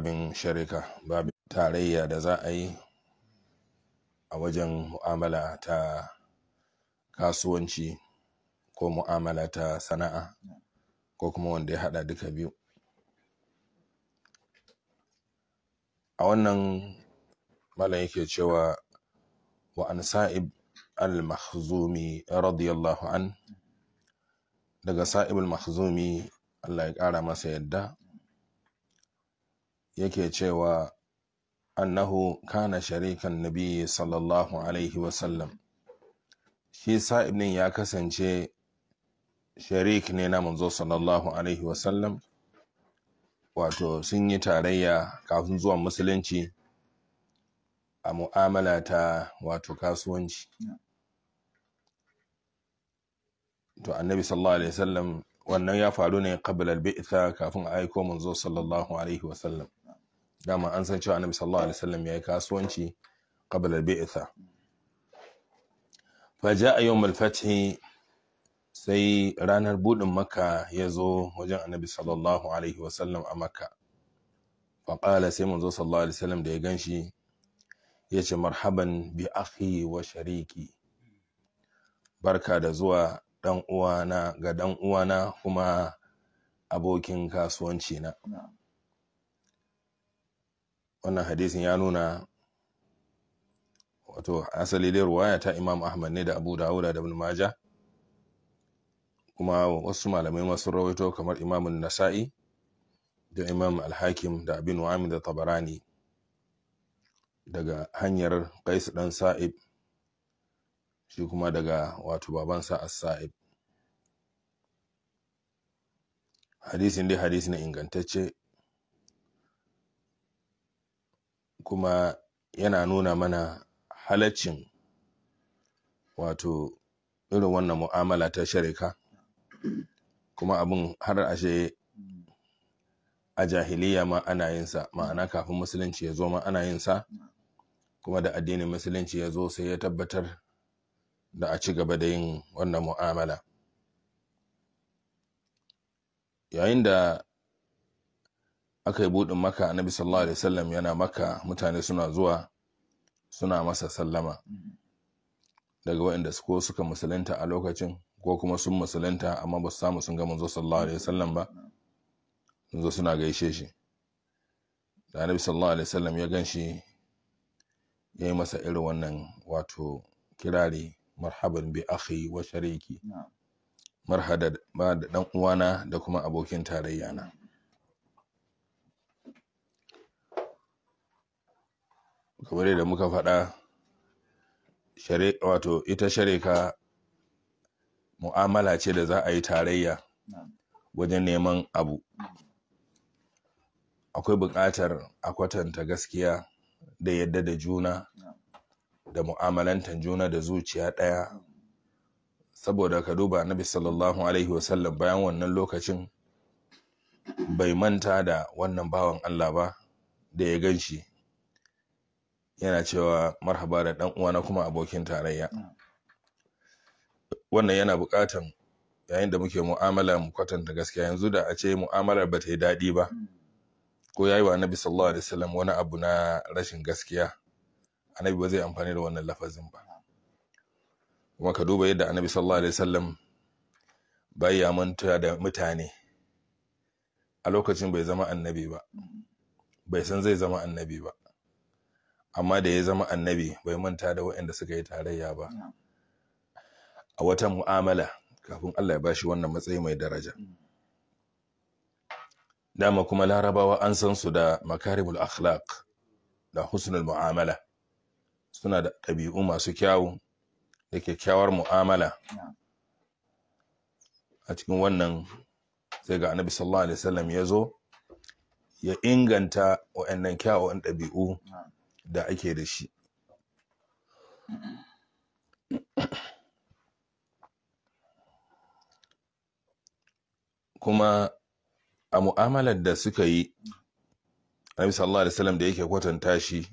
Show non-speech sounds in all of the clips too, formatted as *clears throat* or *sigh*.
babin sharika babin tarayya da za a yi a wajen mu'amala ta kasuwanci ko mu'amala ta sana'a ko kuma wanda ya hada duka biyu a wannan malam yake cewa wa an sa'ib al-mahzumi radiyallahu an daga sa'ib al-mahzumi Allah ya ƙara masa yadda yake cewa annahu kana sharikan nabi sallallahu alaihi wasallam shi sa'ib ɗin ya kasance sharik ne na manzo sallallahu alaihi wasallam wato sun yi tarayya kafin zuwan musulunci a mu'amala ta wato kasuwanci to annabi sallallahu alaihi wasallam wannan ya faru ne qabla al kafin a aiko manzo sallallahu alaihi wasallam dama an san cewa annabi sallallahu alaihi wasallam yayi kasuwanci qabla al-bi'tha fa ja'a yawm al-fath sai ranar budin makka ya zo wajen annabi sallallahu alaihi wasallam a makka fa qala sai manzo sallallahu alaihi wasallam da ya ganshi Ya yace marhaban bi akhi wa shariki barka da zuwa dan uwana ga dan uwana kuma abokin kasuwanci na wannan hadisin ya nuna wato asali dai ruwaya ta imam ahmad ne da abu dawuda da ibn maja kuma wasu malamai masu rawaito kamar imam nasa'i da imam alhakim da abin wa'amin da tabarani daga hanyar kais dan sa'ib shi kuma daga wato babansa as-sa'ib hadisin dai hadisi na ingantacce kuma yana nuna mana halaccin wato irin wannan mu'amala ta sharika kuma abin har ashe a jahiliya ma ana yin ma'ana kafin musulunci ya zo ma ana yin kuma da addinin musulunci ya zo sai ya tabbatar da a ci gaba da yin wannan mu'amala yayin da aka yi budin maka annabi sallallahu alaihi wasallam yana maka mutane suna zuwa suna masa sallama daga waɗanda ko suka musulunta a lokacin ko kuma sun musulunta amma ba su samu sun ga manzo sallallahu alaihi wasallam ba sun zo suna gaishe shi da annabi sallallahu alaihi wasallam ya gan ya yi masa irin wannan wato kirari marhaban bi akhi wa shariki ba da dan uwana da kuma abokin tarayya na kamar yadda muka faɗa wato ita sharika mu'amala ce da za a yi tarayya wajen neman abu akwai buƙatar a kwatanta gaskiya da yadda da juna da mu'amalantar juna da zuciya ɗaya saboda ka duba nabi sallallahu alaihi wasallam bayan wannan lokacin bai manta da wannan bawan Allah ba da ya gan shi yana cewa marhaba da ɗan uwana kuma abokin tarayya mm. wannan yana buƙatan yayin da muke mu'amala mu kwatanta gaskiya yanzu da a ce mu'amalar ba ta yi daɗi ba mm. ko yayi wa annabi sallallahu alaihi wasallam wani abu na rashin gaskiya annabi ba zai amfani da wannan lafazin ba mm. kuma ka duba yadda annabi sallallahu alaihi wasallam bai manta da mutane a lokacin bai zama annabi ba bai san zai zama annabi ba amma da ya zama annabi bai manta da waɗanda suka yi tarayya ba a wata mu'amala kafin Allah ya bashi wannan matsayi mai daraja mm. dama kuma larabawa an san su da makarimul akhlaq da husnul mu'amala suna da ɗabi'u masu kyawu da kyakkyawar mu'amala a cikin wannan sai ga annabi sallallahu alaihi wasallam ya zo ya inganta waɗannan kyawawan ɗabi'u da ake da shi kuma a mu'amalar da suka yi Nabi sallallahu alaihi wasallam da yake kwatanta shi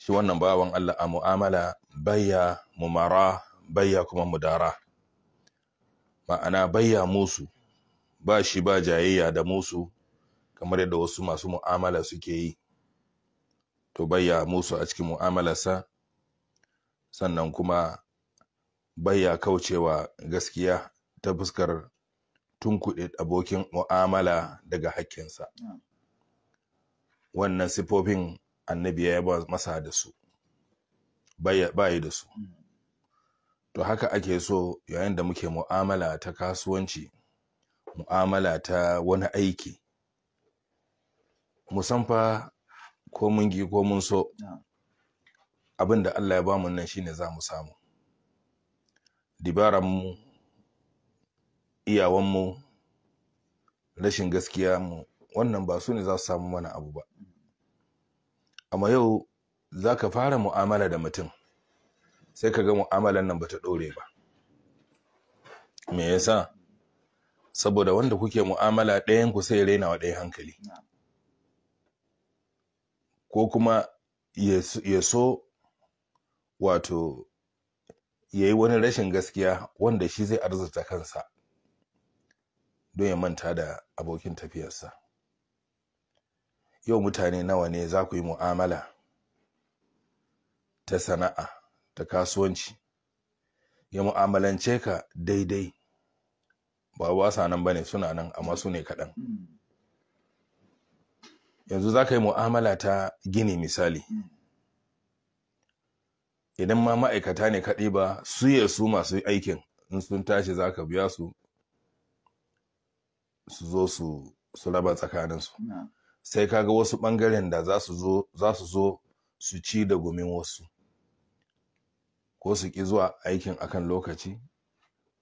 shi wannan bawan Allah a mu'amala bayya mumara bayya kuma mudara ma'ana bayya musu ba shi ba jayayya da musu kamar yadda wasu masu mu'amala suke yi to bayya musu a cikin mu'amalarsa sannan kuma bayya kaucewa gaskiya ta fuskar tunkuɗe abokin mu'amala daga haƙƙinsa? wannan sifofin annabi ya yaba masa da su bayi da su to haka ake so yayin da muke mu'amala ta kasuwanci mu'amala ta wani aiki musamman ko mun gi ko mun so abin da Allah ya ba mu nan shine za mu samu dibaranmu iyawanmu rashin gaskiya mu wannan ba su ne za su samu mana abu ba amma yau za ka fara mu'amala da mutum sai ka ga mu'amalan nan ba ta ɗore ba me yasa saboda wanda kuke mu'amala ɗayan ku sai raina wa ɗaya hankali ko kuma ya so wato ya yi wani rashin gaskiya wanda shi zai arzuta kansa don ya manta da abokin tafiyarsa yau mutane nawa ne za ku yi mu'amala ta sana'a ta kasuwanci ya mu'amalance ka daidai ba wasa nan ba ne suna nan amma su ne kaɗan hmm. yanzu za ka yi mu'amala ta gini misali hmm. idan ma ma'aikata ne kaɗai ba su ya su masu aikin in sun tashi za ka biya su su zo su raba tsakaninsu sai kaga wasu ɓangaren da za su zo su ci da gumin wasu ko su ƙi zuwa aikin akan lokaci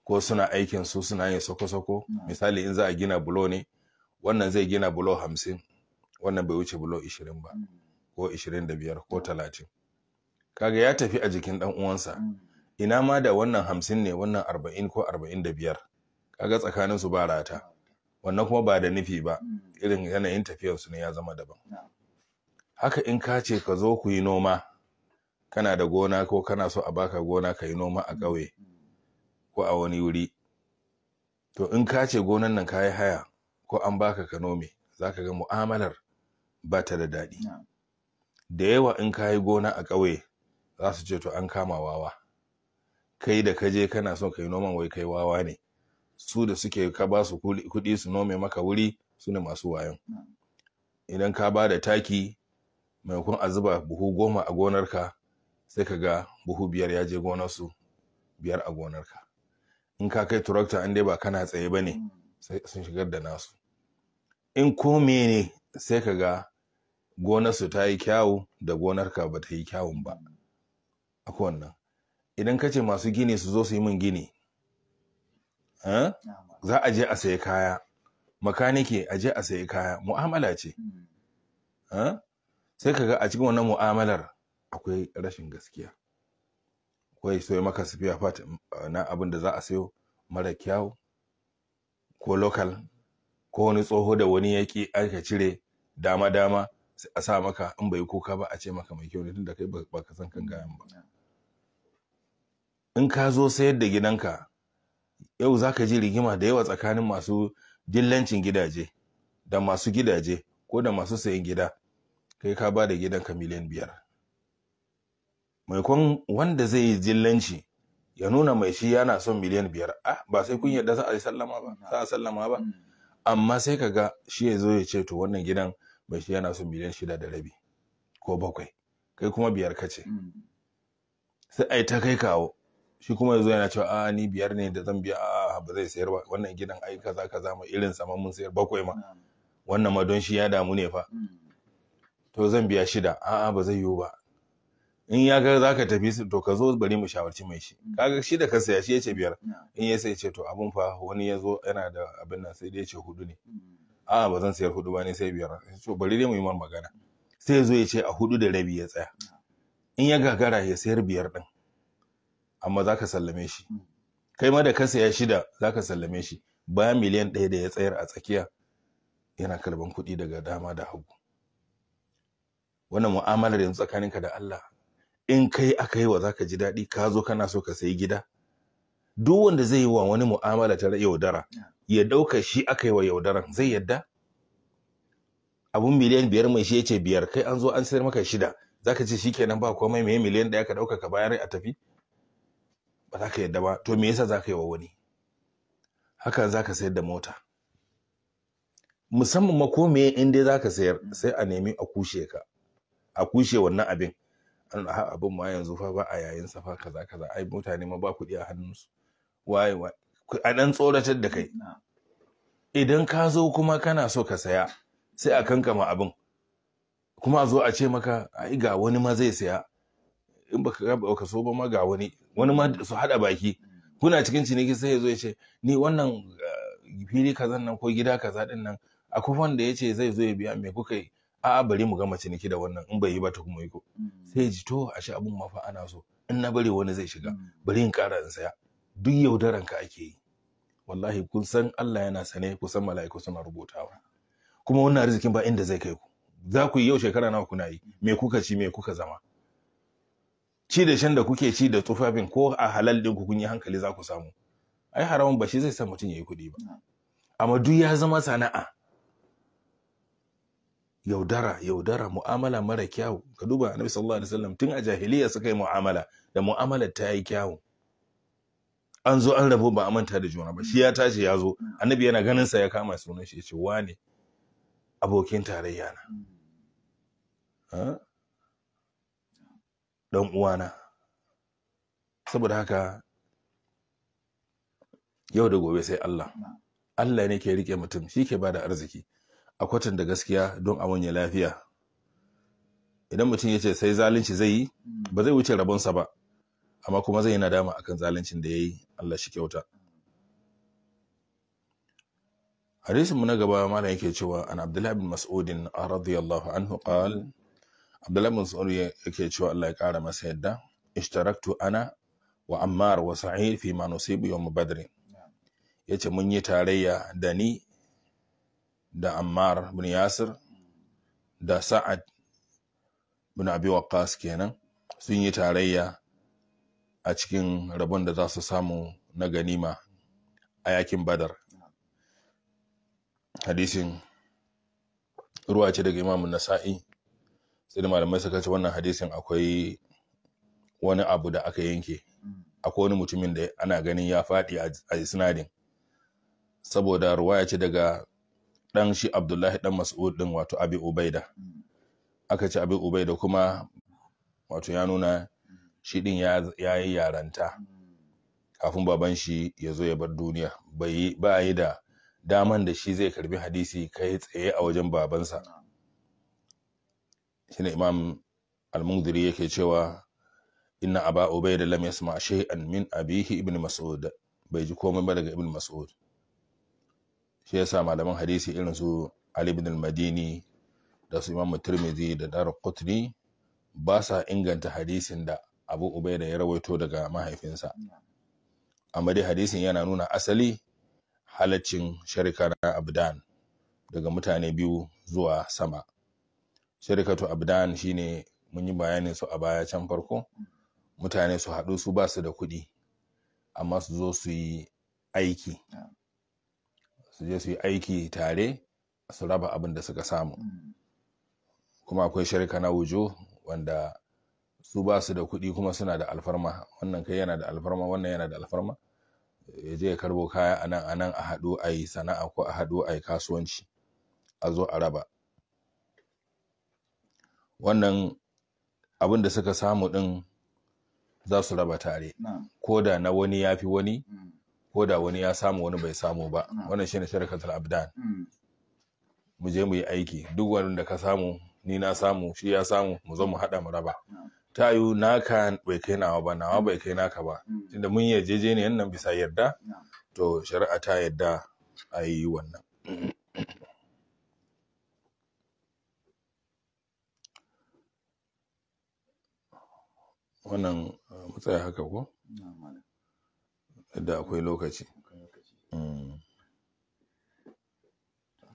ko suna aikin su suna yin sako-sako misali in za a gina bulo ne wannan zai gina bulo hamsin wannan bai wuce bulo 20 ba mm. ko 25 ko talatin. kaga ya tafi a jikin dan uwansa mm. ina ma da wannan hamsin ne wannan arba'in, ko arba'in da biyar? kaga tsakanin su ba rata ah, wannan kuma ba da nufi ba mm. irin yanayin tafiyar su ne ya zama daban haka in ka ce ka zo ku yi noma kana da gona ko kana so a baka gona ka yi noma a ƙauye ko a wani wuri to in ka ce gonan nan ka yi haya ko an baka ka nome za ka ga mu'amalar ba ta da daɗi da yawa in ka yi gona a ƙauye za su ce to an kama wawa kai da kaje kana son kai noman wai kai wawa ne su da suke ka ba su kuɗi su nome maka wuri su ne masu wayan idan ka ba da taki maimakon a zuba buhu goma a gonarka sai ka ga buhu biyar ya je gonarsu biyar a gonarka in ka kai turakta an dai ba kana tsaye ba ne hmm. sun shigar da nasu in ko ne sai ka ga gonarsu ta yi kyawu da gonarka ba ta yi kyawun ba akwai wannan idan ka ce masu gini su zo su yi min gini eh, za a je a sayi kaya Makaniki a je a sayi kaya mu'amala ce eh, sai ka ga a cikin wannan mu'amalar akwai rashin gaskiya akwai soyi maka sufiya fata eh, na abin da za a sayo mara kyau ko lokal ko wani tsoho da wani yaƙi aka cire dama dama a sa maka in bai kuka ba a ce maka mai kyau ne tunda kai ba ka san kan gayan ba mm, in ka zo sayar da gidanka yau za ka ji rigima da yawa tsakanin masu dillancin gidaje da masu gidaje ko da masu sayan gida kai ka ba da gidanka miliyan biyar maikon wanda zai yi jillanci ya nuna mai shi yana son miliyan biyar A, ba sai kun yadda mm. za a sallama ba za sallama ba amma sai ka ga shi ya zo ya ce to wannan gidan mai shi yana son miliyan shida da rabi ko bakwai kai kuma biyar ka ce mm. sai ai ta kai kawo shi kuma yazo yana cewa a ni biyar ne da zan biya a ba zai sayar ba wannan gidan ai kaza kaza ma irin sama mun sayar bakwai ma mm. wannan ma don shi ya damu ne fa mm. to zan biya shida a'a ba zai yiwu ba in ya ga zaka tafi to ka zo bari mu shawarci mai shi kaga shi da ka saya shi biyar in ya sai ce to abun fa wani ya zo yana da abin nan sai dai ya ce hudu ne a'a ba zan sayar hudu ba ne sai biyar to bari dai mu yi magana sai zo ya ce a hudu da rabi ya tsaya in ya gagara ya sayar biyar din amma zaka sallame shi kai ma da ka saya shida zaka sallame shi baya miliyan ɗaya da ya tsayar a tsakiya yana karban kuɗi daga dama da hagu wannan mu'amalar yanzu tsakaninka da Allah in kai aka yi wa zaka ji daɗi ka zo kana so ka sayi gida duk wanda zai yi wa wani mu'amala ta yaudara ya ɗauka shi aka yi wa yaudaran zai yadda abun miliyan biyar mai shi ya ce biyar kai an zo an sayar maka shida za ka ce shi kenan ba komai mai miliyan ɗaya ka ɗauka ka bayar a tafi ba za ka yadda ba to me yasa za ka yi wa wani haka za ka sayar da mota musamman ma ko me in dai za ka sayar sai a nemi a kushe ka a kushe wannan abin an ha abin ma yanzu fa ba a yayin safa kaza kaza ai mutane ma ba kuɗi a hannunsu waye waye a ɗan tsoratar da kai idan ka zo kuma kana so ka saya sai a kankama abin kuma a zo a ce maka ai ga wani ma zai saya in ba ka so ba ma ga wani wani ma su haɗa baki kuna cikin ciniki sai ya zo ya ce ni wannan eh, fili kazan nan ko gida kaza zaɗin nan akwai wanda ya ce zai zo ya biya mai kuka yi a'a bari mu gama ciniki da wannan in bai yi ba ta kuma yi ko mm. sai ya ji to a abin ma fa ana so in na bari wani zai shiga mm. bari in ƙara in saya duk yaudaran ka ake yi wallahi kun san Allah yana sane ku san mala'iku suna rubutawa kuma wannan arzikin ba inda zai kai ku za ku yi yau shekara nawa kuna yi me kuka ci me kuka zama ci da shan da kuke ci da tufafin ko a halal din ku kun yi hankali za ku samu ai haramun ba shi zai sa mutum ya yi kuɗi ba amma duk ya zama sana'a yaudara yaudara mu'amala mara kyawu ka duba annabi sallallahu alaihi wasallam tun a jahiliya suka yi mu'amala da mu'amalar ta yi kyawu an zo an rabu ba a manta da juna ba shi ya tashi ya zo mm. annabi yana ganin sa ya kama sunan shi ya ce wane abokin tarayya na mm. dan uwana saboda haka yau da gobe sai Allah mm. Allah ne ke rike mutum shi ke bada arziki a da gaskiya don a wanye lafiya idan mutum ya ce sai zalunci zai yi ba zai wuce rabonsa ba amma kuma zai yi nadama akan zaluncin da ya yi Allah shi kyauta hadisinmu na gaba malam yake cewa an abdullahi bin mas'udin radiyallahu anhu qal abdullahi bin mas'ud yake cewa Allah ya kara masa yadda ishtaraktu ana wa ammar wa sa'id fi ma nusibu yawm badr yace mun yi tarayya da ni da ammar bin yasir da sa'ad bin abi waqas kenan sun yi tarayya a cikin rabon da za su samu na ganima a yakin badar hadisin ruwa ce daga imamun nasa'i sai da malamai suka ce wannan hadisin akwai wani abu da aka yanke akwai wani mutumin da ana ganin ya faɗi a sinadin. saboda ruwaya ce daga ɗan shi abdullahi ɗan mas'ud ɗin wato abi ubaida aka ce abi ubaida kuma wato ya nuna shi din ya yi yaranta kafin baban shi ya zo ya bar duniya ba yi da daman da shi zai karbi hadisi kai tsaye a wajen babansa ne imam al mundiri yake cewa inna aba da lam yasma shay'an min abihi ibn mas'ud bai ji komai ba daga ibn mas'ud shi yasa malaman hadisi irin su ali ibn al-madini da su imam tirmidhi da dar qutni ba sa inganta hadisin da abu ubaida ya rawaito daga mahaifinsa amma dai hadisin yana nuna asali halaccin sharika na abdan daga mutane biyu zuwa sama sharikatu abdan shine mun yi bayanin su a baya can farko mutane su haɗu su ba su da kuɗi amma su zo su yi aiki su je su yi aiki tare su raba abin da suka samu mm. kuma akwai sharika na wujo wanda su ba su da kuɗi kuma suna da alfarma wannan kai yana da alfarma wannan yana da alfarma ya je ya karbo kaya a nan a nan a haɗo a yi sana'a ko a haɗo a yi kasuwanci a zo a raba wannan abin da suka samu ɗin za su raba tare ko da na wani ya fi wani mm. ko da wani ya samu wani bai samu ba wannan shi ne sharikatul abdan mm. mu je mu yi aiki duk wanda ka samu ni na samu shi ya samu mu zo mu haɗa mu raba ta yiwu naka bai kai nawa ba nawa bai kai naka ba mm. Mm. tunda mun yi jeje ne nan bisa yarda to shari'a ta yarda a yi wannan wannan uh, matsaya haka ko? yadda akwai lokaci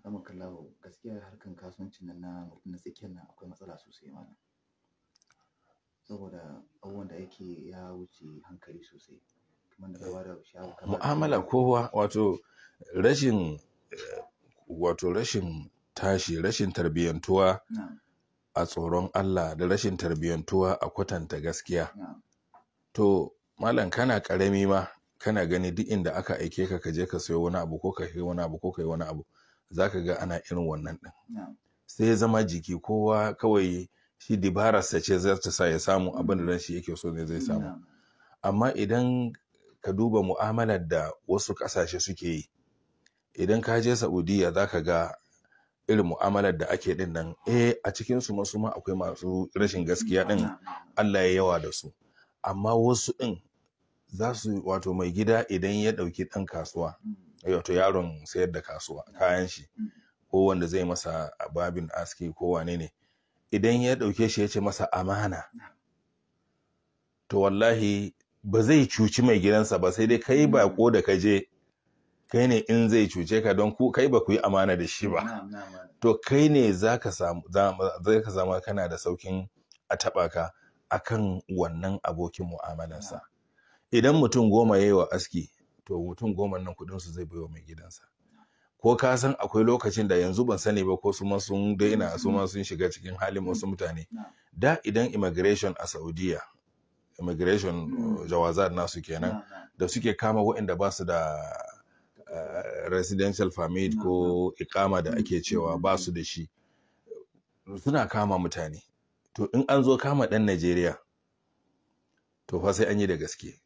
kama mm. gaskiya harkan kasuwancin nan na na tsakiyar na akwai matsala sosai malam saboda abubuwan da yake ya wuce hankali sosai mu'amala kowa wato rashin wato rashin tashi rashin tarbiyyantuwa a tsoron Allah da rashin tarbiyyantuwa a kwatanta gaskiya to malam kana karami ma kana gani duk inda aka aike ka ka je ka sayo wani abu ko ka yi wani abu ko ka yi wani abu zaka ga ana irin wannan din sai ya zama jiki kowa kawai shi dibararsa ce za sa ya samu abin da shi yake so ne zai samu amma idan ka duba mu'amalar da wasu ƙasashe suke yi idan ka je saudiya za ka ga irin mu'amalar da ake din nan eh a cikin su masu ma akwai masu rashin gaskiya din Allah ya yawa da su amma wasu din za su wato mai gida idan ya dauki dan kasuwa wato mm. eh, yaron sayar da kasuwa kayan shi mm. ko wanda zai masa babin aski ko wane ne idan ya ɗauke shi ya ce masa amana to wallahi ba zai cuci mai gidansa ba sai dai kai hmm. ba ko da ka je kai ne in zai cuce ka don ku kai ba ku yi amana da shi ba to kai ne za ka zama kana da saukin a taɓa ka akan wannan abokin mu'amalarsa idan mutum goma ya yi wa aski to mutum goma nan kudinsu zai baiwa mai gidansa ko ka san akwai lokacin da yanzu ban sani ba ko su ma sun daina su ma sun shiga cikin halin wasu mutane da idan immigration a saudiya immigration mm. jawazat nasu kenan da suke kama waɗanda ba su da uh, residential permit ko ikama da ake cewa ba su da shi suna kama mutane to in an zo kama ɗan najeriya to fa sai an yi da gaske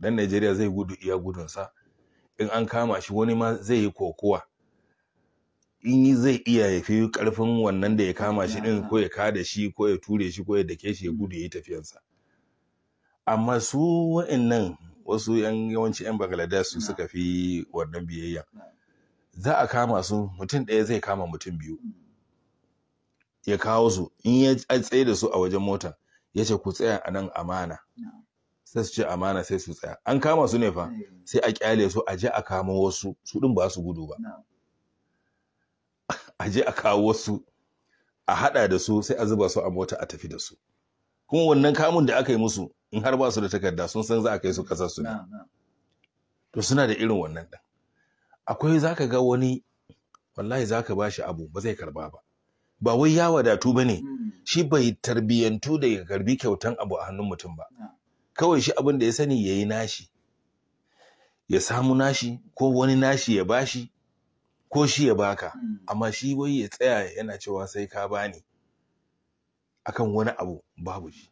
ɗan najeriya zai gudu iya gudunsa in an kama shi wani ma zai yi kokowa in zai iya ya fi karfin wannan da ya kama shi din ah. ko ya kada shi ko ya ture shi ko ya dake shi ya gudu ya yi tafiyansa amma su wa'annan wasu yan yawanci yan bangladesh su suka fi wannan biyayya za a kama su mutum ɗaya zai kama mutum biyu hmm. ya kawo su in ya tsaye da su a wajen mota ya ce ku tsaya a nan amana sai su ce amana sai su tsaya an kama su ne fa sai a kyale su a je a kama wasu su din ba su gudu ba a je a kawo wasu a haɗa da su sai a zuba su a mota a tafi da su kuma wannan kamun da aka yi musu in har ba su da takarda sun san za a kai su kasar su ne to suna da irin wannan ɗin akwai za ga wani wallahi zaka ba shi abu ba zai karba ba ba wai ya wadatu ba ne hmm. shi bai tarbiyyantu da ya karbi kyautan abu a hannun mutum ba kawai shi abin da ya sani ya yi nashi ya samu nashi ko wani nashi ya bashi ko shi ya baka hmm. amma shi wai ya tsaya yana cewa sai ka bani akan wani abu babu shi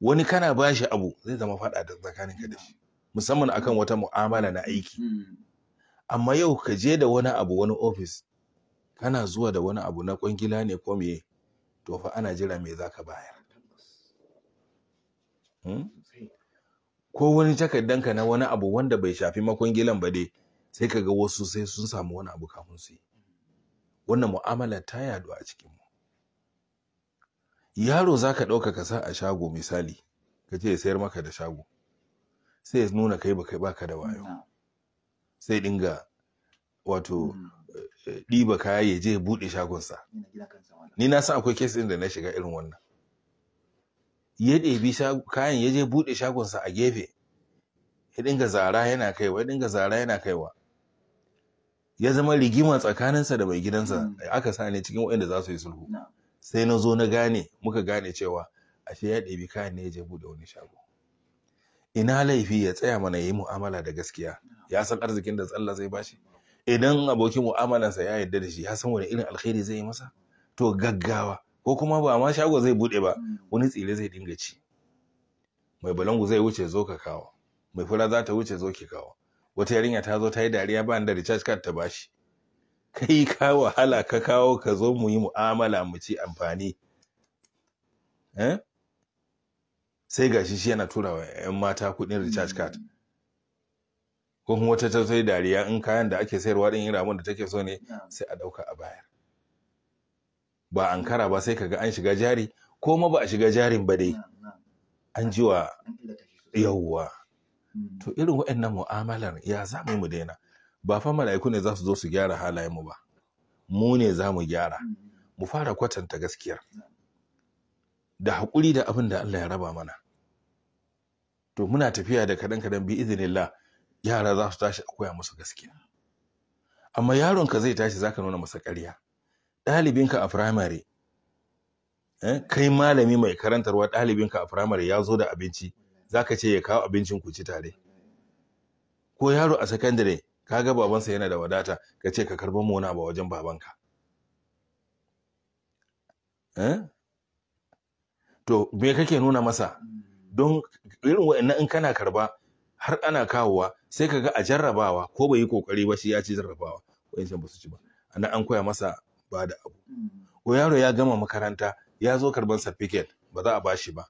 wani kana bashi abu zai zama fada da tsakaninka da shi musamman akan wata mu'amala na aiki hmm. amma yau ka je da wani abu wani ofis kana zuwa da wani abu na kwangila ne ko me to fa ana jira me zaka bayar hmm? ko wani takardanka na wani abu wanda bai shafi makwangilan ba dai sai ka ga wasu sai sun samu wani abu kafin su yi wannan mu'amala ta yadu a cikin mu yaro za ka ɗauka ka sa a shago misali ka ce sayar maka da shago sai ya nuna kai ba baka da wayo sai dinga wato hmm. eh, ɗiba kaya ya je buɗe shagonsa ni na san akwai kes ɗin da na shiga irin wannan ya ɗebi kayan ya je buɗe shagonsa a gefe ya dinga zara yana kaiwa ya dinga zara yana kaiwa ya zama rigima tsakaninsa da mai gidansa hmm. aka sa ne cikin waɗanda za su yi sulhu sai na zo na gane muka gane cewa ashe ya ɗebi kayan ne ya je buɗe wani shago ina laifi ya tsaya mana ya yi mu'amala da gaskiya ya san arzikin da tsalla zai bashi idan abokin mu'amalansa ya yarda da shi ya san wani irin alkhairi zai yi masa to gaggawa ko kuma ba ma shago zai buɗe ba hmm. wani tsire zai dinga ci mai balangu zai wuce zo ka kawo mai fura za ta wuce zo ki kawo wata yarinya ta zo ta yi dariya ba da recharge card ta bashi kai ka wahala ka kawo ka zo mu yi mu'amala mu ci amfani eh? sai gashi shi yana tura wa 'yan mata kuɗin recharge card mm. ko kuma wata ta sai dariya in kayan da ake sayarwa din irin abin da take so ne sai a ɗauka a baya. ba an kara ba sai kaga an shiga jari ko ma ba a shiga jarin ba dai an ji wa yawwa Mm. to irin waɗannan mu'amalar ya za mu daina ba fa mala'iku ne za su zo su gyara halayen mu ba mu ne za mu gyara mm. mu fara kwatanta gaskiyar da haƙuri da abin da Allah ya raba mana to muna tafiya da kaɗan kaɗan bi izinillah yara za su tashi a koya musu gaskiya amma yaronka zai tashi zaka nuna masa ƙarya ɗalibinka a firamare eh, kai malami mai karantarwa ɗalibinka a firamare ya zo da abinci za ka ce ya kawo abincin ku ci tare ko yaro a sakandare ka ga babansa yana da wadata ka ce ka karɓar mu ba wajen babanka eh? to me kake nuna masa don irin wa'annan in kana karba har ana kawowa sai ka ga a jarrabawa ko bai yi kokari ba shi ya ci jarrabawa wa'ancan ba su ci ba ana an koya masa ba da abu mm. ko yaro ya gama makaranta ya zo karban certificate ba za a bashi ba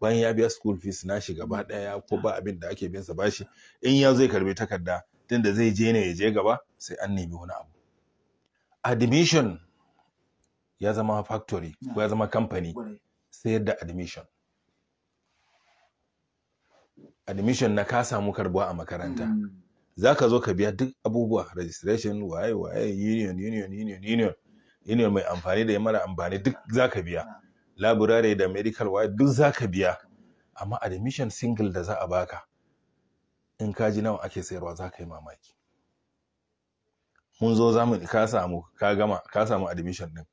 bayan ya biya school fees na shi gaba daya hmm. ko ba abin da ake bin sa bashi in ya zai karbi takarda din da zai je ne ya je gaba sai an nemi wani abu admission ya zama factory ko ya zama company sayar da admission admission na ka samu karbuwa a makaranta hmm. za ka zo ka biya duk abubuwa registration waye waye union union union union union mai amfani da ya mara amfani duk za ka biya laburare da medical wire duk za ka biya amma admission single da za a baka in ka ji nawa ake sayarwa za ka yi mamaki mun zo za mu ka samu ka gama ka samu admission din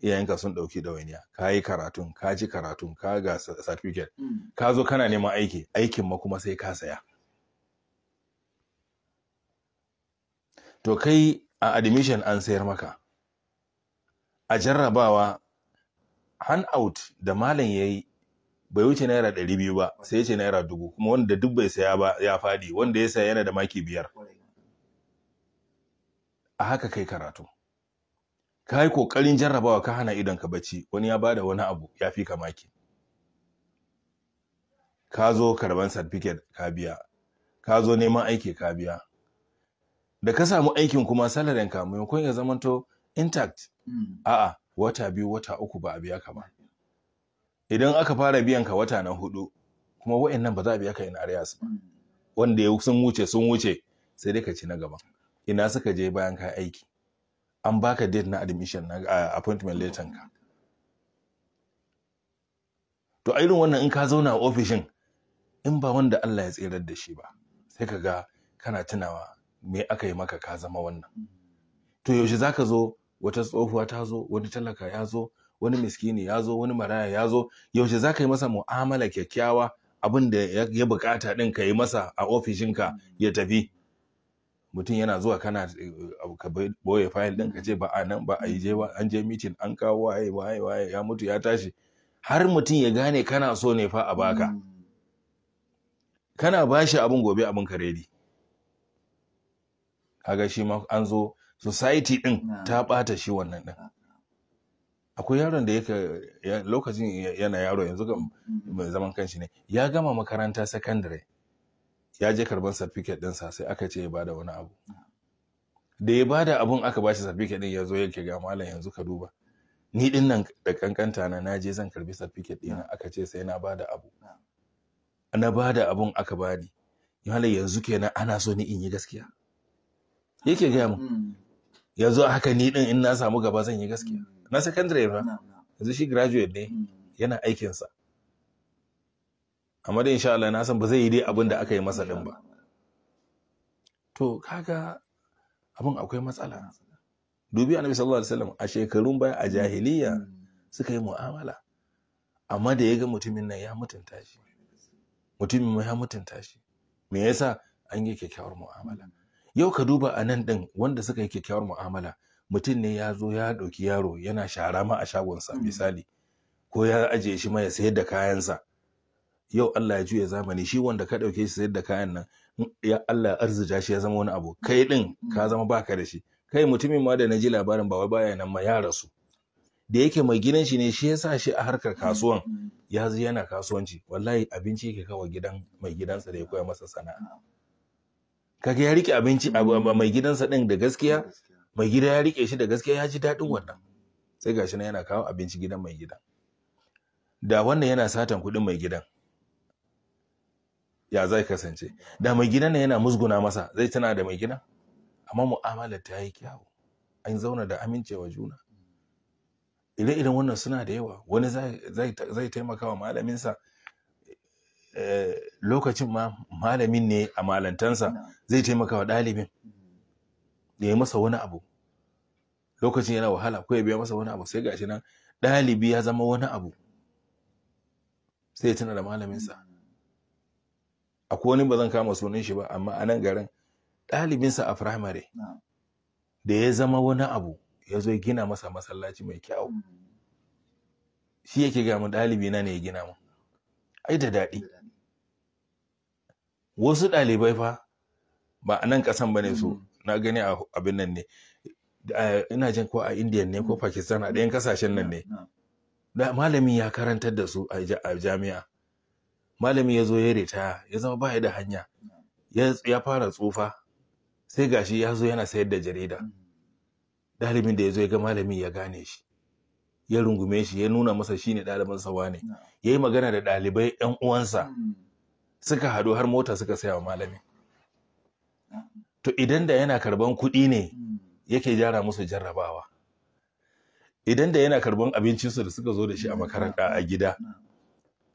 iyayenka sun ɗauki ɗawainiya ka yi karatun ka ji karatun ka ga certificate hmm. ka zo kana neman aiki aikin ma kuma sai ka saya to kai a admission an sayar maka a jarrabawa hand da malam ya yi bai wuce naira ɗari biyu ba sai ya ce naira dubu kuma wanda duk bai saya ba ya faɗi wanda ya saya yana da maki biyar a haka kai karatu ka yi ƙoƙarin jarrabawa ka hana idon ka bacci wani ya bada wani abu ya fi ka maki ka zo karban certificate ka biya ka zo neman aiki ka biya da ka samu aikin kuma salarin ka maimakon ya zamanto intact hmm. a'a wata biyu wata uku ba a biya ka ba idan aka fara biyan ka wata na hudu kuma wa'annan ba za a biya ka in arias ba wanda sun wuce sun wuce sai dai ka ci na gaba ina suka je bayan ka aiki an baka date na admission na ah, appointment letter ka to irin wannan in ka zauna a ofishin in ba wanda Allah ya tsirar da shi ba sai ka ga kana tunawa me aka yi maka ka zama wannan to yaushe zaka zo wata tsohuwa ta zo wani talaka ya zo wani miskini ya zo wani maraya ya zo yaushe za ka yi masa mu'amala kyakkyawa abin da ya bukata ɗin ka yi masa a ofishinka ya tafi mutum yana zuwa kana eh, ka boye fayil din ka ce ba a nan ba a yi je ba an je mitin an kawo waye waye waye ya mutu ya tashi har mutum ya gane kana so ne fa a baka mm. kana bashi abin gobe abin ka redi kaga shi ma an zo society din ta bata shi wannan din akwai yaron da yake lokacin yana yaro yanzu mm-hmm. mai zaman kanshi ne ya gama makaranta secondary ya je karban certificate sa sai aka ce ya bada wani abu da ya bada abun aka ba shi certificate din ya zo yake ga malam yanzu ka duba ni din nan da kankanta na naje zan karbi certificate din aka ce sai na bada abu na bada abun aka bani malam yanzu kenan ana so ni in yi gaskiya yake gaya mu mm. yanzu haka ni din in na samu gaba zan yi gaskiya mm. na secondary ba yanzu shi graduate ne mm. yana aikinsa amma dai insha Allah na san ba zai yi dai abin da aka yi masa din ba to kaga abin akwai matsala dubi annabi sallallahu alaihi wasallam a shekarun baya a jahiliya mm. suka yi mu'amala amma da ya ga mutumin nan ya mutunta shi mutumin ya mutunta shi me yasa an yi kyakkyawar mu'amala yau ka duba a nan ɗin wanda suka yi kyakkyawar mu'amala mutum ne ya zo ya ɗauki yaro yana shara ma a shagonsa mm. misali ko ya ajiye shi ma ya sayar da kayansa yau Allah ya juya zamani shi wanda ka ɗauke shi sayar da kayan nan ya Allah ya arzika shi ya zama wani abu kai ɗin ka mm. zama baka da shi kai mutumin ma da na ji labarin ba wai baya nan ma ya rasu da yake mai gidan shi ne shi ya sa shi a harkar kasuwan mm. ya yana kasuwanci wallahi abinci yake kawo gidan mai gidansa da ya koya masa sana'a kage ya rike abinci mm. mai gidansa din da gaskiya mai gida ya rike shi da gaskiya ya ji daɗin wannan sai gashi nan yana kawo abinci gidan mai gidan da wannan yana satan kuɗin mai gidan ya zai kasance da mai gidan nan yana musguna masa zai tana da mai gidan amma mu'amala ta yi kyawu an zauna da amincewa juna mm. ire-iren wannan suna da yawa wani zai taimaka wa malaminsa Eh, lokacin ma malamin ne a malantansa zai taimaka wa ɗalibin ya yi masa wani abu lokacin yana wahala ko ya biya masa wani abu sai gashi nan ɗalibi ya zama wani abu sai ya tuna da malaminsa mm. a wani ba zan kama sunan shi ba amma a nan garin ɗalibinsa a firamare da ya zama wani abu ya zo gina masa masallaci mai kyau mm. shi yake ga mu ɗalibi ne ya gina mu ai da daɗi wasu ɗalibai fa ba a nan ƙasan ba ne su mm. na gani a abin nan ne ina jin ko a indiya ne ko mm. pakistan a ɗayan ƙasashen nan ne malami ya karantar da su a jami'a malami ya zo ya ritaya, ya zama ba da hanya mm. ya fara tsufa sai gashi ya zo yana sayar da jarida ɗalibin da ya zo ya ga malami ya gane shi ya rungume shi ya nuna masa shine ɗaliban sawa ne ya yi magana da ɗalibai 'yan uwansa suka haɗu har mota suka saya wa malami to idan da yana karban kuɗi ne yake gyara musu jarrabawa idan da yana karban abincinsu da suka zo da shi a makaranta a gida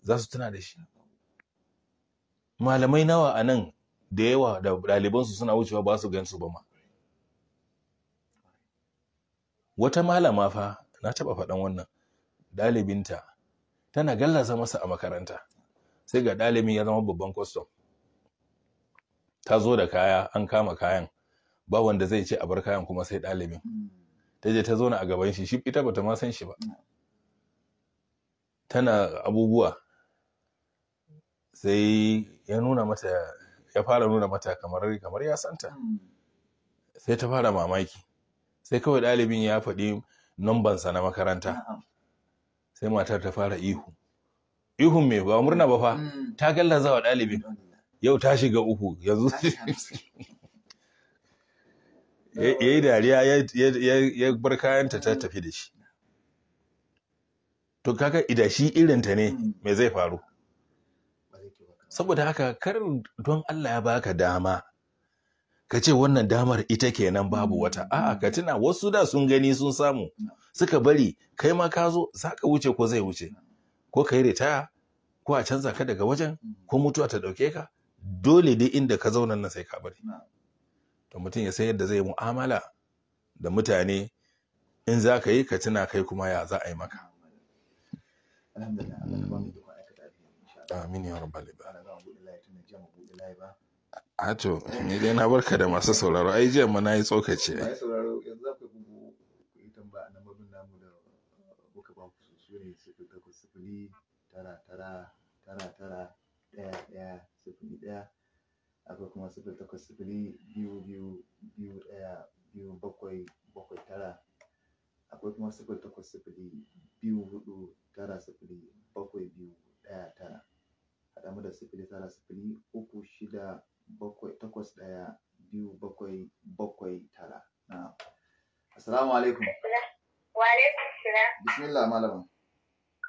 za su tuna da shi malamai nawa a nan da yawa da ɗalibansu suna wucewa ba su gansu ba ma wata malama fa na taɓa faɗan wannan ɗalibinta tana gallasa masa a makaranta sai ga ɗalibin ya zama babban kwastom ta zo da kaya an kama kayan ba wanda zai ce a bar kayan kuma sai ɗalibin ta je ta zauna a gaban shi shi ita bata ma san shi ba tana abubuwa sai ya nuna mata ya fara nuna mata kamar kamar ya santa sai ta fara mamaki sai kawai ɗalibin ya faɗi nambansa na makaranta sai matar ta fara ihu ihun me ba murna ba fa mm. ta galla wa dalibin yau ta shiga uku yanzu *laughs* ya yi dariya ya bar kayanta ta tafi da shi to kaka irin ta ne mai mm. zai faru saboda haka kar don Allah ya baka dama ka ce wannan damar ita kenan babu mm. wata a'a ka tuna wasu da sun gani sun samu suka bari kai ma ka zo za ka wuce ko zai wuce ko ka yi ritaya ko a canza ka daga wajen mm. ko mutuwa ta ɗauke ka dole dai inda ka zauna nan sai ka bari to mutum ya san yadda zai mu'amala da mutane in za ka yi ka tuna kai kuma ya za a yi maka ato ni dai na barka da masu sauraro ai jiya ma na yi tsokaci ai sauraro yanzu su ne sifili takwas sifili tara tara tara tara ɗaya ɗaya sifili ɗaya akwai kuma sifili takwas sifili biyu biyu biyu ɗaya biyu bakwai bakwai tara akwai kuma sifili takwas sifili biyu hudu tara sifili bakwai biyu ɗaya tara haɗa mu da sifili tara sifili uku shida bakwai takwas ɗaya biyu bakwai bakwai tara na'am assalamu alaikum wa alaikum salam bismillah malama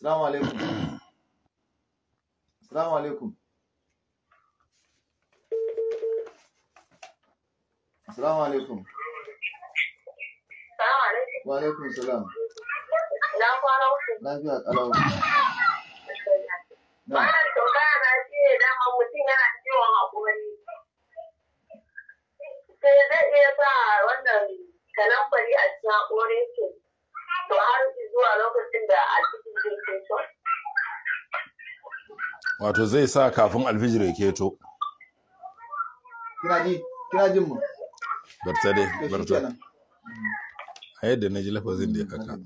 Assalamu alaikum. Assalamu alaikum. Assalamu alaikum. Wa alaikum salam. Na kwana uku. Lafiya kalau. wato zai sa kafin alfijir ya keto kira mu barta dai a yadda na ji lafazin da ya kaka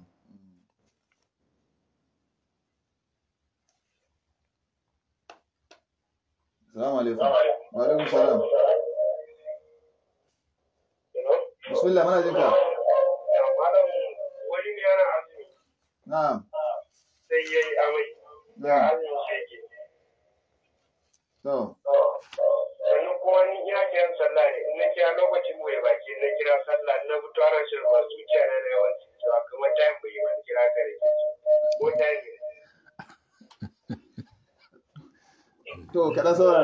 that's all.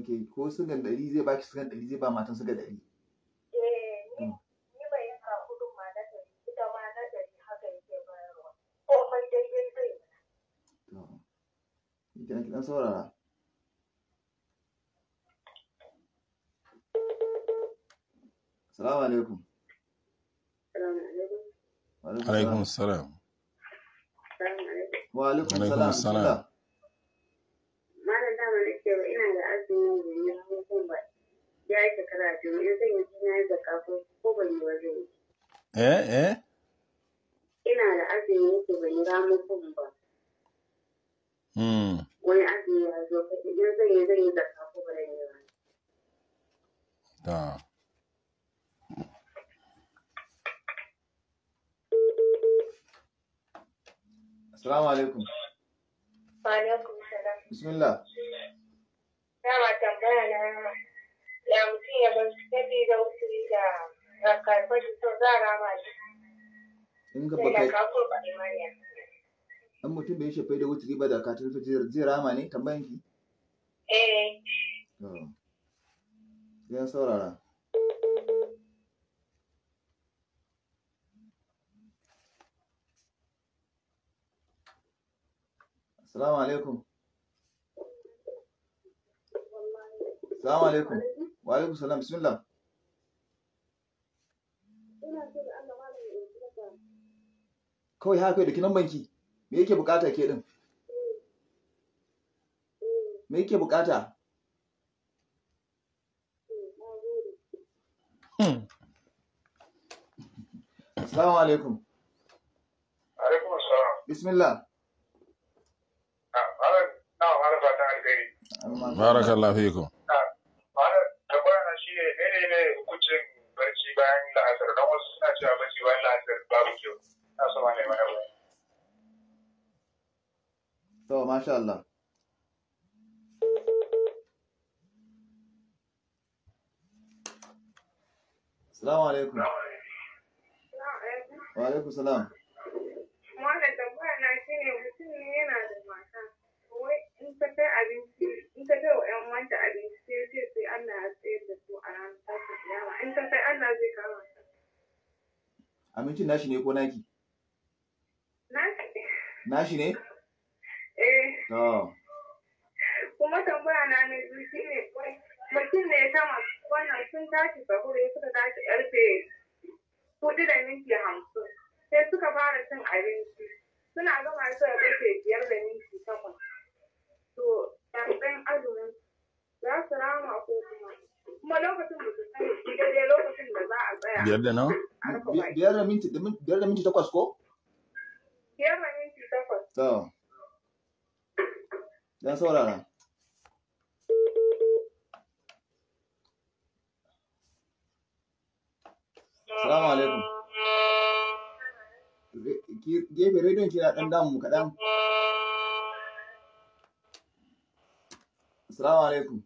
okay ko gan ɗari zai baki su gan ɗari zai ba matan su ga ɗari kenan ki dan saurara Salamu alaikum. Wa Alaikum salam. Wa alaikum salam. Eh, eh. Ina da azumi yake ban ga mutum ba. Mm. Wani azumi ya zo kace idan zan yi zan yi da ko ba ba. Da. Assalamu alaikum. Wa alaikum salam. Bismillah. Dama tambaya na ya mutum ya bar sabi da wasu da in ga in mutum bai shafe da wuturi ba da katin fitar zai rama ne tambayan ki eh ya saurara Assalamu alaikum. Assalamu alaikum. Wa alaikum salam. Bismillah. kawai haka da kinan banki me yake bukata ke din me yake bukata hmm. Assalamu alaikum. Alaikum assalam. Bismillah. Ah, Barakallahu fikum. to masha Allah Salamu alaikum. Wa alaikum salam. Wannan tambaya na shi ne mutum ne yana da mata. Wai in ta kai abinci, in ta kai wa ‘yan wanta abinci sai ce sai Allah ya tsayar da su a ranar tashin kiyama. In ta kai Allah zai kama ta. Abincin nashi ne ko naki? Nashi ne. Nashi ne? Kuma tambaya na ne shi ne mutum ne sama wannan sun tashi sahur ya suka tashi karfe hudu da minti hamsin sai suka fara cin abinci suna gama su da karfe biyar da minti takwas. To ɗan azumin za su rama ko kuma kuma lokacin da su sani shi daidai lokacin da za a tsaya. Biyar da nawa? Biyar da minti takwas ko? Biyar da minti takwas. don saurara salamu alaikum gefe rediyon ki na ɗan damu kaɗan salamu alaikum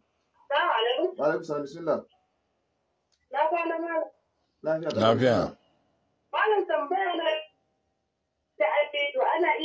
wa alaikum salam bismillah lafiya lafiya malam tambaya na da ake to ana iya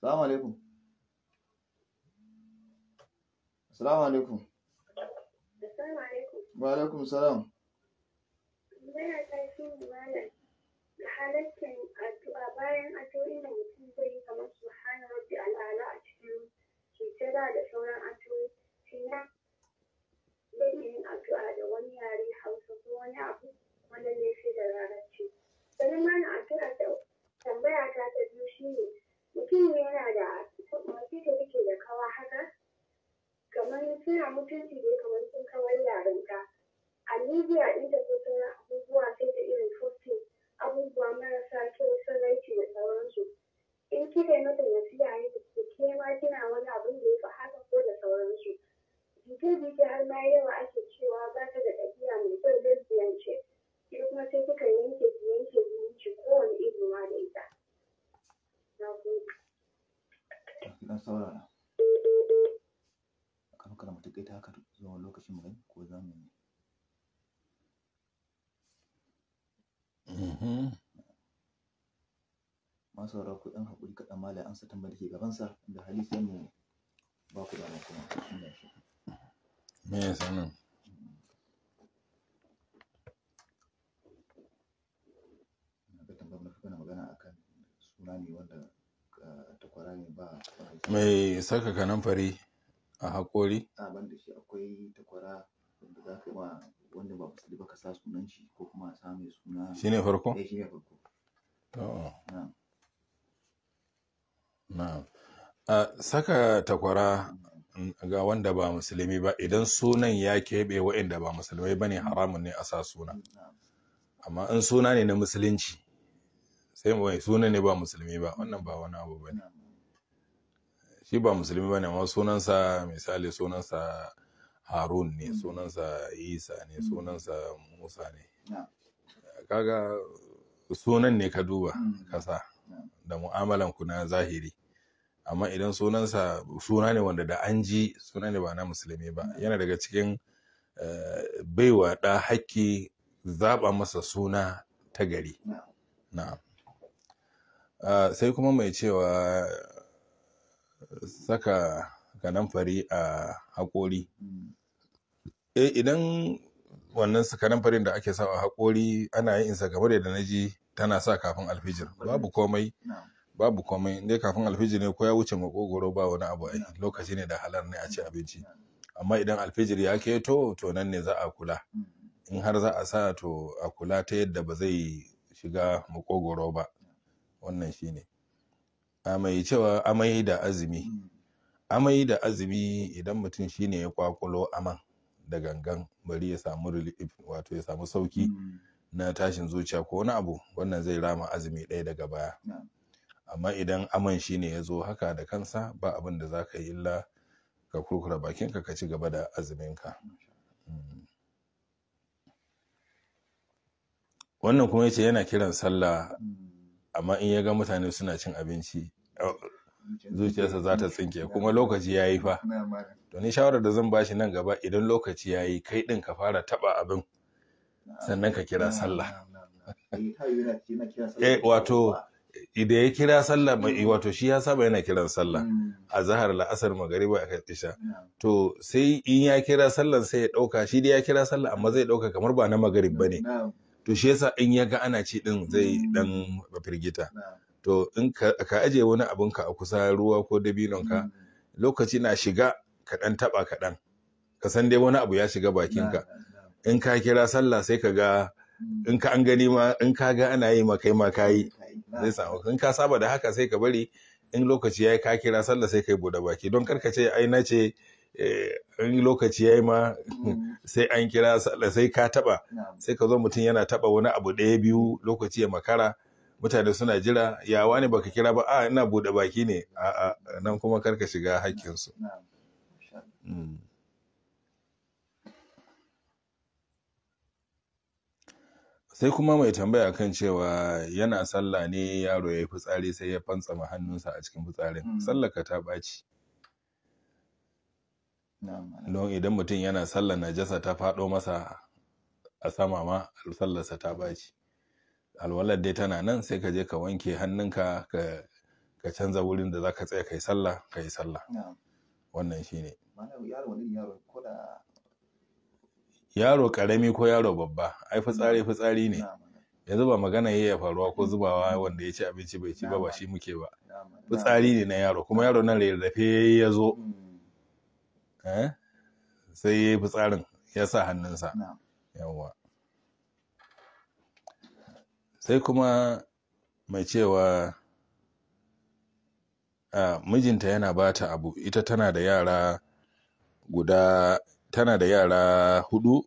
Salamu alaikum. Salamu alaikum. Wa alaikum salam. Magana ta shi da halattar addu'a bayan addu'o'in da mutum zai yi kamar su hana rabbi al'ala a cikin sujjada da sauran addu'o'i shi zai yin addu'a da wani yare hausa ko wani abu wanda ne sai da ranar ce. Sannan mana addu'a da tambaya ta ta biyu shi ne mutum yana da masu da suke da kawa haka kamar suna mutunci da kamar sun kawar yarinta a libya inda sun sana abubuwa sai da irin fostin abubuwa marasa kyau sarrafi da sauransu in kika yi mata nasiha ne da ke ke ma kina wani abin da ya fi haka ko da sauransu jita-jita har ma yawa ake cewa ba ta da ɗabi'a mai kyau lesbian ce kuma sai kika yanke yanke zumunci kowane iri ma da ita dan saurara kan kana mu takaita haka zuwa lokacin mu ko za mu yi mm-hmm. masu saurara ku ɗan haƙuri kaɗan malai an sa tambayar ke gabansa da hali sai mu ba ku dama kuma me ya wanda eh, takwara ne ba mai saka kananfari a hakori. a ban shi akwai takwara wanda za ka ma wanda ba ba ka sa sunan shi ko kuma a sa mai suna shi ne farko eh, shi ne farko oh. saka takwara ga wanda ba musulmi ba idan sunan ya keɓe wa'inda ba musulmai bane haramun ne a sa suna amma in suna ne na musulunci sai mu bai sunan ne ba musulmi ba wannan ba wani abu bane shi ba musulmi bane amma sunansa misali sunansa harun ne sunansa isa ne sunansa musa ne kaga sunan ne ka duba kasa da mu'amalan ku na zahiri amma idan sunansa suna ne wanda da an ji suna ne ba na musulmi ba yana daga cikin eh, baiwa ɗa hakki zaba masa suna ta gari na'am sai kuma mai cewa saka kananfari a haƙori eh idan wannan farin da ake sawa a haƙori ana yin sa kamar yadda na ji tana sa kafin alfijir babu komai babu komai dai kafin alfijir ne ko ya wuce makogoro ba wani abu ai lokaci ne da halar ne a ci abinci amma idan alfijir ya keto to nan ne za a kula in har za a sa to a kula ta yadda ba zai shiga makogoro ba wannan shi A mai cewa amai da azumi hmm. amai da azumi idan mutum shi ne ya kwakulo aman da gangan bari ya samu relief wato ya samu sauki hmm. na tashin zuciya ko wani abu wannan zai rama azumi ɗaya daga baya amma idan aman shi ne ya zo haka da kansa ba abin da za ka yi illa ka kurkura bakinka ka ci gaba da azuminka hmm. wannan kuma yace yana kiran sallah amma in ya ga mutane suna cin abinci zuciyarsa za ta tsinke kuma lokaci ya yi fa to ni shawarar da zan ba shi nan gaba idan lokaci ya yi kai ɗin ka fara taɓa abin sannan ka kira sallah eh wato idan ya kira sallah mai mm. wato shi ya saba yana kiran sallah mm. a zahar la'asar magariba a isha to sai in ya kira sallah sai ya dauka shi da ya kira sallah amma zai dauka kamar ba na magarib ba ne to shi yasa in ya ga ana ci din zai dan mm. firgita to in ka aje wani abun ka a kusa ruwa ko dabinon ka mm. lokaci na shiga ka dan taba ka dan ka san dai wani abu ya shiga bakin ka in ka kira sallah sai ka ga mm. in ka an gani ma in ka ga ana yi ma kai ma kai zai samu in ka saba da haka sai ka bari in lokaci yayi ka kira sallah sai kai bude baki don karkace ai na ce Eh, in lokaci ya yi ma mm. sai an kira sai ka taba sai ka zo mutum yana taba wani abu ɗaya biyu lokaci ya makara mutane suna jira ya wani baka kira ba a ah, ina buɗe baki ne a nan kuma karka shiga haƙƙinsu. Mm. sai kuma mai tambaya kan cewa yana sallah ne yaro ya yi fitsari sai ya fantsama hannunsa a cikin fitsarin mm. sallaka ta ɓaci don idan mutum yana sallar najasa ta faɗo masa a sama ma sallarsa ta baci alwalar dai tana nan sai ka je ka wanke hannunka ka canza wurin da za ka tsaya kai yi sallah ka sallah wannan shi ne yaro karami ko yaro babba ai fitsari fitsari ne yanzu ba magana ya faruwa ko zubawa wanda ya ci abinci bai ci ba shi muke ba fitsari ne na yaro kuma yaro nan rarrafe ya zo hmm. Eh? sai ya yi fitsarin ya sa hannunsa yawwa sai kuma mai cewa a mijinta yana bata abu ita tana da yara guda tana da yara hudu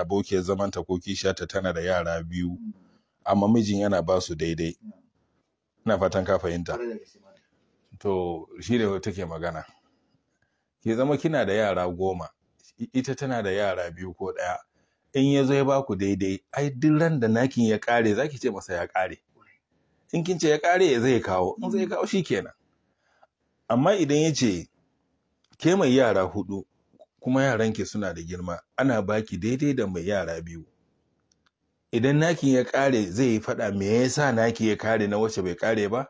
abokiyar zamanta ko kishata tana da yara biyu amma mijin yana ba su daidai ina fatan ka fahimta to shi da take magana ki zama kina da yara goma ita tana da yara biyu ko ɗaya in ya zo ya baku daidai ai duk ran da nakin ya kare, za ki ce masa ya kare. in kin ce ya ƙare ya zai kawo in zai kawo shi kenan amma idan ya ce ke mai yara hudu kuma yaran ki suna da girma ana baki daidai da mai yara biyu idan nakin ya ƙare zai yi faɗa me ya sa naki ya kare na wacce bai ƙare ba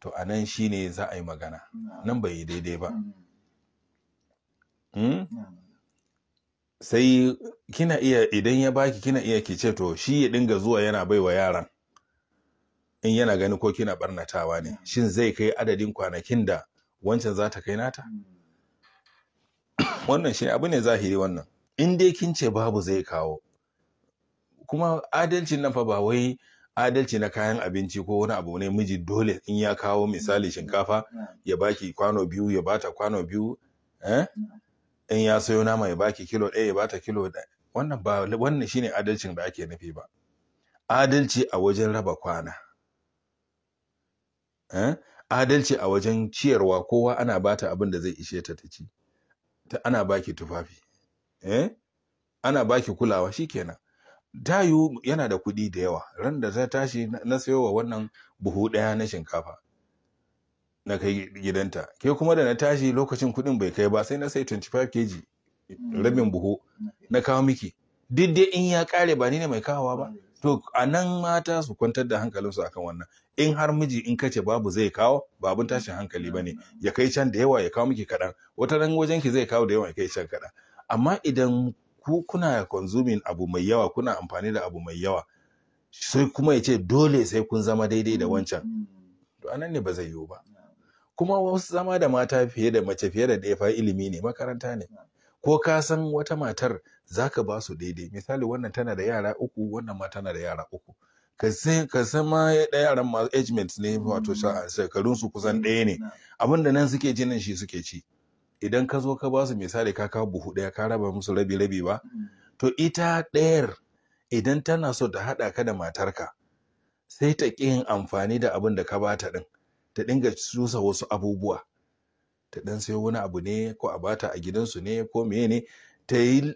to anan shine za a yi magana nan bai yi daidai ba Hmm? sai kina iya idan ya baki kina iya ki ce to shi ya dinga zuwa yana baiwa yaran in yana gani ko kina barnatawa ne hmm. shin zai kai adadin kwanakin da wancan za ta kai nata hmm. *coughs* wannan shi abu ne zahiri wannan in dai kin ce babu zai kawo kuma adalci nan fa ba wai adalci na kayan abinci ko wani abu ne miji dole in ya kawo misali shinkafa ya baki kwano biyu ya bata kwano biyu eh? in ya sayo nama ya baki kilo ɗaya ya bata kilo ɗaya wannan ba wannan shine adalcin da ake nufi ba adalci a wajen raba kwana eh? adalci a wajen ciyarwa kowa ana bata abin da zai ishe ta ta ci Ta ana baki tufafi eh ana baki kulawa shikenan tayu yana da kuɗi da yawa ran da ta tashi na sayowa wannan buhu ɗaya na shinkafa na kai gidanta ke kuma da na tashi lokacin kuɗin bai kai ba sai na sai 25 kg rabin buhu na kawo miki duk dai in ya kare ba ni ne mai kawowa ba to a nan mata su kwantar da hankalinsu akan wannan in har miji in kace babu zai kawo ba tashin hankali ba ne. ya kai can da yawa ya kawo miki kaɗan wata ran wajen ki zai kawo da yawa ya kai can kaɗan amma idan ku kuna consuming abu mai yawa kuna amfani da abu mai yawa sai kuma ya ce dole sai kun zama daidai da wancan to anan ne ba zai yiwu ba kuma wasu zama da mata fiye da mace fiye da ɗaya fa ilimi ne makaranta ne ko ka san wata matar za ka ba su daidai misali wannan tana da yara uku wannan ma tana da yara uku ka san ma ɗaya yaran ma ne wato shekarun su kusan ɗaya ne abin da nan suke jinin shi suke ci idan ka zo ka ba su misali ka kawo buhu ɗaya ka raba musu rabi rabi ba to ita ɗayar idan tana so ta haɗa ka da matarka sai ta ƙi yin amfani da abin da ka ta ɗin ta dinga susa wasu abubuwa ta dan sayo wani abu ne ko a bata a gidansu ne ko meye ne ta yi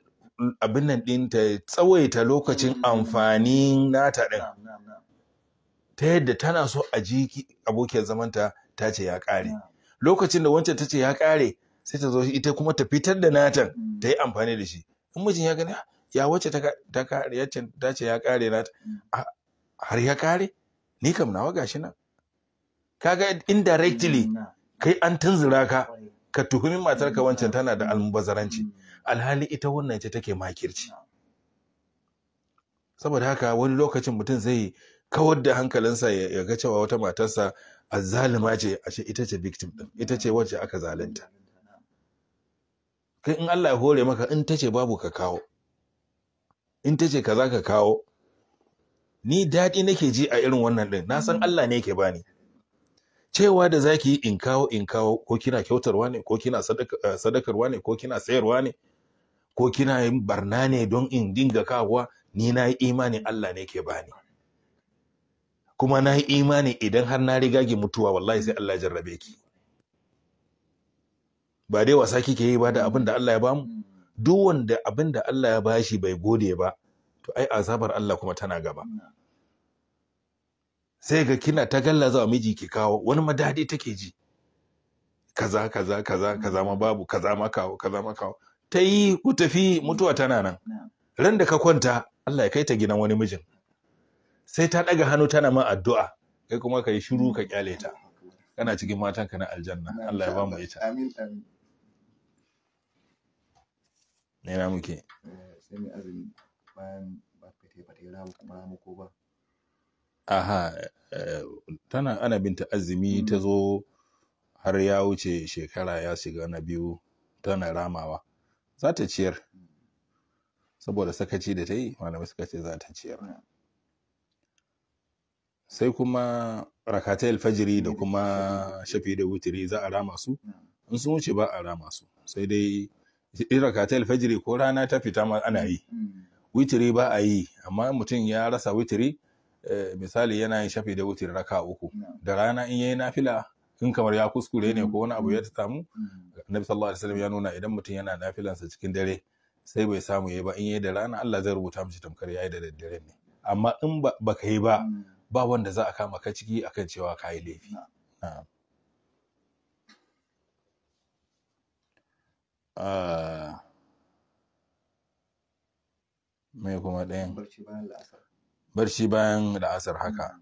abin nan din ta tsawaita lokacin mm. amfanin nata din ta yadda tana so a ji abokiyar zamanta ta ce ya kare lokacin da wancan ta ce ya kare sai ta zo ita kuma ta fitar da natan mm. ta yi amfani da shi in mijin ya gani ah, ya wacce ta kare ya ce ya kare nata mm. ah, har ya kare ni kam nawa gashi nan kaga indirectly mm, kai an tunzura ka ka tuhumi ka mm, wancan tana da almubazaranci mm. alhali ita wannan ce take makirci saboda haka wani lokacin mutum zai kawar da hankalinsa ya ga cewa wata matarsa azzalima ce ashe ita ce victim din ita ce wacce aka zalunta kai in Allah ya hore maka in ta ce babu ka kawo in ta ce kaza ka kawo ni daɗi nake ji a irin wannan din na san Allah ne yake bani cewa da zaki yi in kawo in kawo ko kina kyautarwa ne ko kina eh, sadakarwa ne ko kina sayarwa ne ko kina yin barna ne don in dinga kawowa ni na yi imanin Allah ne ke bani kuma na yi imani idan har na riga ki mutuwa wallahi sai Allah jarrabe ki ba dai wasa kike yi ba da abin da Allah ya bamu duk wanda abin da Allah ya bashi bai gode ba to ai azabar Allah kuma tana gaba sai ga kina ta gallaza miji ki kawo wani madadi take ji kaza kaza kaza kaza ma babu kaza ma kawo kaza ma kawo ta yi ku tafi mutuwa tana nan ran da ka kwanta Allah ya kai ta gidan wani mijin sai ta daga hannu tana ma addu'a kai kuma ka yi shiru ka kyale ta kana cikin matanka na aljanna Allah ya ba mu ita amin amin ne na muke eh, sai mai azumi bayan ba ka ba ta yi ramu ko ba aha eh, tana ana binta azumi ta mm. zo har ya wuce shekara ya shiga na biyu tana ramawa za ta ciyar saboda sakaci da ta yi malamai suka ce za ta ciyar mm. sai kuma rakatai alfajiri da mm. kuma shafi da wutiri za a rama su in sun wuce ba a rama su sai dai rakatai alfajiri ko rana ta fita ma ana yi wutiri ba a yi amma mutum ya rasa wutiri Eh, misali yana yin shafi da wutar raka uku da rana in yayi nafila in kamar ya kuskure ne mm-hmm. ko wani abu ya samu mm-hmm. annabi sallallahu alaihi wasallam ya nuna idan mutum yana sa cikin dare sai bai samu yayi ba in yayi da rana Allah zai rubuta mishi tamkar yayi da daddare ne amma in ba ka yi ba mm-hmm. ba wanda za a kama ka ciki akan cewa ka yi laifi mai ah. kuma ɗayan barci bayan la'asar haka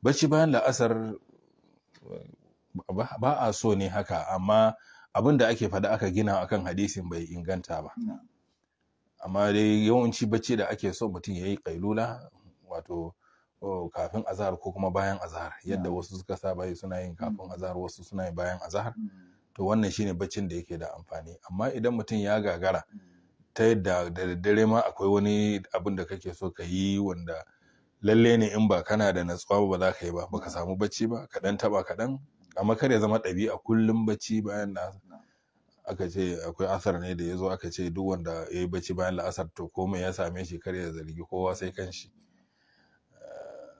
barci bayan la'asar ba a so ne haka amma abin da ake faɗa aka gina akan hadisin bai inganta ba amma dai yawanci bacci da ake so mutum ya yi ƙailula wato kafin azahar ko kuma bayan azahar yadda wasu suka saba yi suna yin kafin hmm. azahar wasu suna yin bayan azahar hmm. to wannan shine baccin da yake da amfani amma idan mutum ya gagara hmm. ta yadda da daddare ma akwai wani abin da kake so ka yi wanda lalle ne in ba kana da natsuwa ba za ka yi ba baka samu bacci ba kaɗan taɓa kaɗan amma kar ya zama ɗabi'a kullum bacci bayan na aka ce akwai asar ne da ya zo aka ce duk wanda ya yi bacci bayan la'asar to komai ya same shi kar ya zargi kowa sai kan shi eh,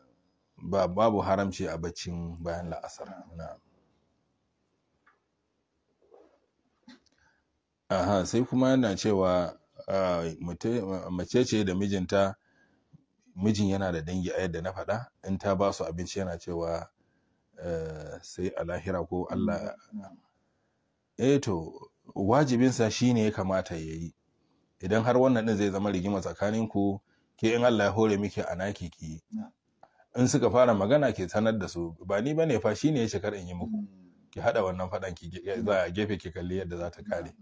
ba babu haramci a baccin bayan la'asar na aha sai kuma yana cewa mace ce da mijinta mijin yana da dangi a yadda na faɗa in ta ba su abinci yana cewa eh, sai a lahira ko Allah eh to wajibinsa shine ya kamata ya yi idan har wannan din zai zama rigima tsakanin ku ke in Allah ya hore miki a naki ki in suka fara magana ke sanar da su ba ni bane fa shine ya shekar in yi muku ki hada wannan fadan ki za a gefe ki kalli yadda za ta kare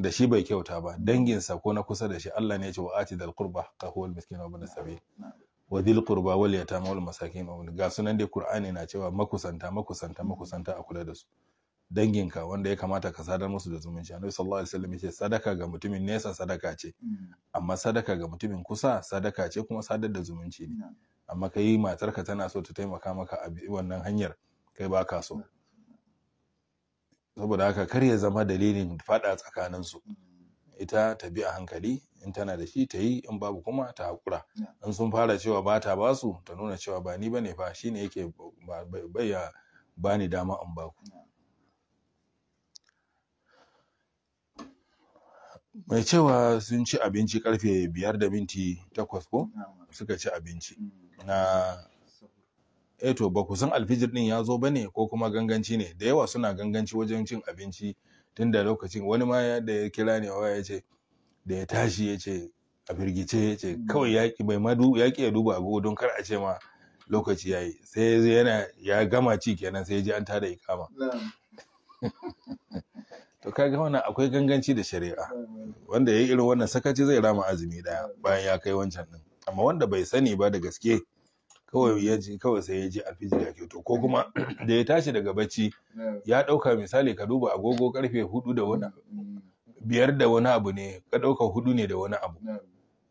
da shi bai kyauta ba danginsa ko na kusa da shi Allah ne ya ce wa ati dal qurba ka al miskin wa ibn sabil wa dil qurba wal yatama wal masakin wa ga sunan dai Qur'ani na cewa makusanta makusanta makusanta a kula da su danginka wanda ya kamata ka sadar musu da zumunci annabi sallallahu alaihi wasallam yace sadaka ga mutumin nesa sadaka ce amma sadaka ga mutumin kusa sadaka ce kuma sadar da zumunci ne amma kai matarka tana so ta taimaka maka a wannan hanyar kai ba ka so saboda haka kar ya zama dalilin fada su mm. ita ta bi a hankali in tana da shi ta yi in babu kuma ta haƙura in sun fara cewa ba ta ba su ta nuna cewa ba ni ba ne fa shi ne yake baya ba ni dama in ba ku mai cewa sun ci abinci karfe biyar da minti takwas ko suka ci abinci mm. na eto eh to ba ku san alfijir din ya zo bane ko kuma ganganci ne da yawa suna ganganci wajen cin abinci tun da lokacin wani ma da ya kira ne waya ya ce da ya tashi ya ce a firgice ya ce hmm. kawai yaƙi bai madu yaki ya duba agogo don kar a ce ma lokaci yayi yi sai yana ya gama ci kenan sai ya ji an tada ikama *laughs* to ga wannan akwai ganganci da shari'a wanda ya irin wannan sakaci zai rama azumi daya bayan ya kai wancan din amma wanda bai sani ba da gaske kawai ya ji kawai sai ya je alfijir ya to. ko kuma mm. *clears throat* da ya tashi daga bacci ya ɗauka misali ka duba agogo karfe hudu da wani mm. biyar da wani abu ne ka ɗauka hudu ne da wani abu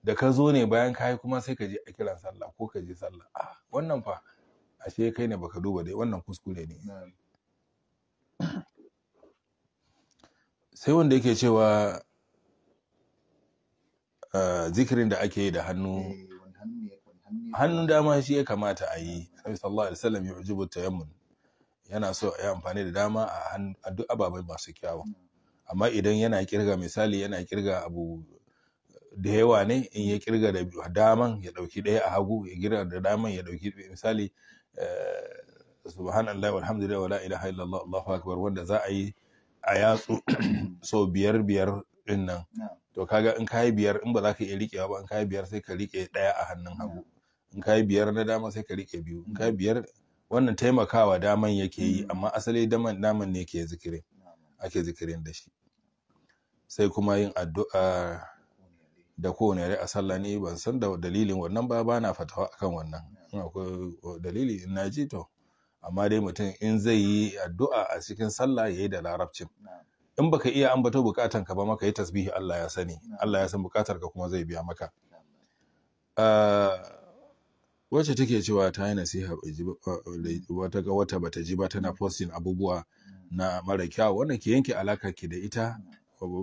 da ka zo ne bayan kai kuma sai ka je a kiran sallah ko ka je sallah a ah, wannan fa ashe kai ne baka duba dai wannan kuskure ne sai wanda yake cewa ah, zikirin da ake yi da hannu mm. hannun dama shi ya kamata a yi annabi sallallahu alaihi wasallam ya ujubu tayammun yana so ya amfani da dama a duk ababai masu kyawu amma idan yana kirga misali yana kirga abu da yawa ne in ya kirga da daman ya dauki ɗaya a hagu ya kirga da daman ya dauki misali eh, subhanallah walhamdulillahi wala ilaha illallah allahu akbar wanda za a yi a yatsu so *clears throat* biyar biyar din nan to kaga in kai biyar in ba za ka iya riƙewa ba in kai biyar sai ka riƙe ɗaya a hannun hagu in ka yi biyar na dama sai ka rike biyu in ka yi mm. biyar wannan taimakawa daman yake yi mm. amma asali daman daman ne ke zikiri ake zikirin da shi sai kuma yin addu'a da kowane yare a sallah ni ban san da dalilin wannan ba bana fatawa akan wannan in akwai dalili in na ji to amma dai mutum in zai yi addu'a a cikin sallah yayi da larabcin in baka iya ambato bukatan ka ba maka yi tasbihi Allah ya sani Allah ya san bukatar ka kuma zai biya maka wacce take cewa ta yi nasiha wata ga wata bata ji ba tana postin abubuwa na mara kyau wannan ke yanke alaka ke da ita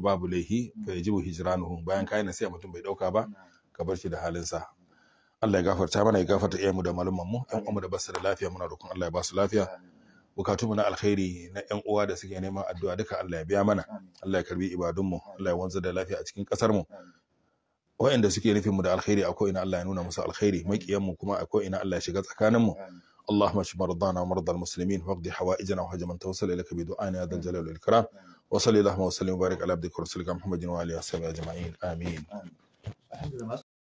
babu laihi mu hijira nuhu. bayan yi nasiha mutum bai dauka ba ka bar shi da halinsa Allah ya gafarta mana ya gafarta iyayenmu da malaman mu ƴan uwanmu da basu da lafiya muna roƙon Allah ya ba lafiya bukatunmu na alkhairi na ƴan uwa da suke neman addu'a duka Allah ya biya mana Allah ya karbi ibadunmu Allah ya wanzar da lafiya a cikin ƙasarmu. mu wa'anda suke nufin mu da alkhairi akwai ina Allah ya nuna musu alkhairi makiyan mu kuma akwai ina Allah ya shiga tsakanin mu اللهم اشف مرضانا ومرضى المسلمين واقض حوائجنا وحوائج من توصل اليك بدعائنا يا ذا الجلال والاكرام وصلي اللهم وسلم وبارك على عبدك ورسولك محمد وعلى اله وصحبه اجمعين امين, آمين.